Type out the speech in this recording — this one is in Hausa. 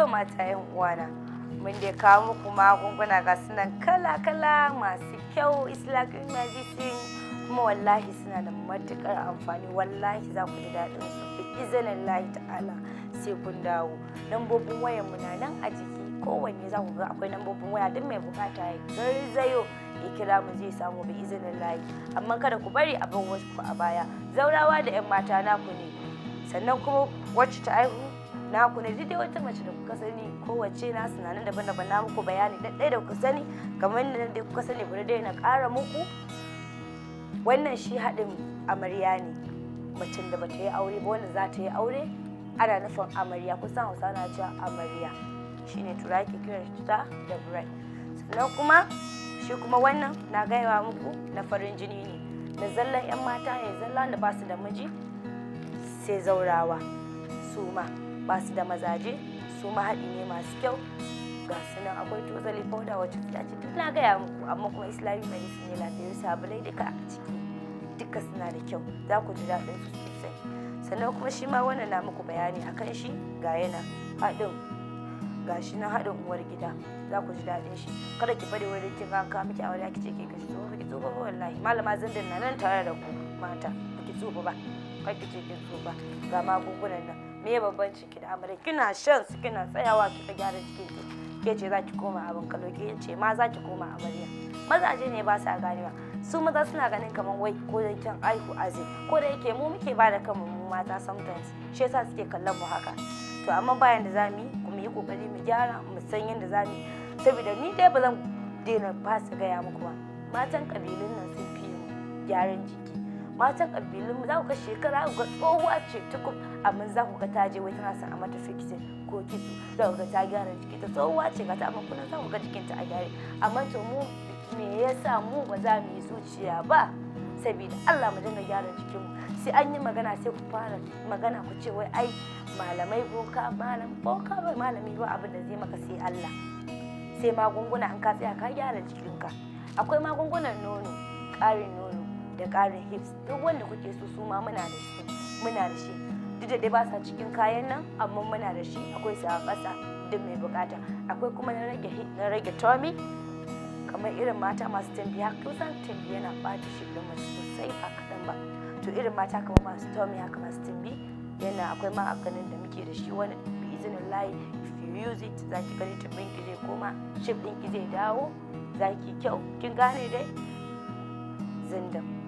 to mata yan uwana mun da kawo muku magunguna ga sunan kala-kala masu kyau islamic medicine kuma wallahi suna da matukar amfani wallahi za ku ji daɗin su fi izinin lahi ta'ala sai kun dawo lambobin wayan mu na nan a jiki kowanne za ku ga akwai lambobin waya duk mai bukata ya garzayo ya kira mu zai samu bi izinin lahi amma kada ku bari abin wasu a baya zaurawa da 'yan mata naku ne sannan kuma wacce ta aihu na ku ne dai wata mace da kuka sani kowace na sunanan daban-daban na muku bayani ɗaya da kuka sani kamar yadda dai kuka sani bari dai na ƙara muku wannan shi haɗin amarya ne macen da bata yi aure ba wanda za ta yi aure ana nufin amarya kusan hausa na cewa amarya shine turaki kiran ta da sannan kuma shi kuma wannan na gaiwa muku na farin jini ne na zallan 'yan mata ne zallan da ba su da miji sai zaurawa suma. ba su da mazaje su mahaɗi ne masu kyau ga sunan akwai tozali powder wacce ta ce duk na gaya muku amma kuma mai su ne lafiyar sabulai duka a ciki duka suna da kyau za ku ji daɗin su sosai sannan kuma shi ma wannan na muku bayani a kan shi ga yana haɗin shi na haɗin uwar gida za ku ji daɗin shi kada ki bari wani kin ka miki aure ki ce ke kashi tsofa ki tsofa ba wallahi malama zindin na nan tare da ku mata ki tsofa ba kai ki ce ki tsofa ga magungunan nan me babban ciki da amare kina shan su kina tsayawa ta gyara cikin ki ke ce zaki koma abin kalo ki ce ma zaki koma amarya mazaje ne ba sa ganewa su maza suna ganin kamar wai ko da kyan aihu aze ko da yake mu muke ba da kanmu mu mata sometimes shi yasa suke kallon mu haka to amma bayan da zamu yi mu yi kokari mu gyara mu san yadda zamu yi saboda ni dai ba zan daina su gaya muku ba matan kabilun nan sun fi mu gyaran jiki matan kabilun mu za ku ga shekara ku ga tsohuwa ce tukun amma za ku ga ta je wai tana son a mata fixing ko kitso za ku ga ta gyara jikinta tsohuwa ce ga ta amma kuna za ku ga jikinta a gyare amma to mu me yasa mu ba za mu yi zuciya ba saboda Allah mu dinga gyara jikinmu sai an yi magana sai ku fara magana ku ce wai ai malamai boka malam boka ba malami ba abin da zai maka sai Allah sai magunguna an ka tsaya ka gyara jikinka akwai magungunan nono ƙarin nono da ƙarin hips duk wanda kuke so su ma muna da shi muna da shi duk da dai ba sa cikin kayan nan amma muna da shi akwai sa a ƙasa duk mai bukata akwai kuma na rage na rage tommy kamar irin mata masu tambi haka kusan tambi yana ɓata shi da mace sosai a kaɗan ba to irin mata kamar masu tommy haka masu tambi yana akwai ma afganin da muke da shi wani bi izinin layi if you use it za ki gani bin ki zai koma shif ɗin ki zai dawo za ki kyau kin gane dai zindam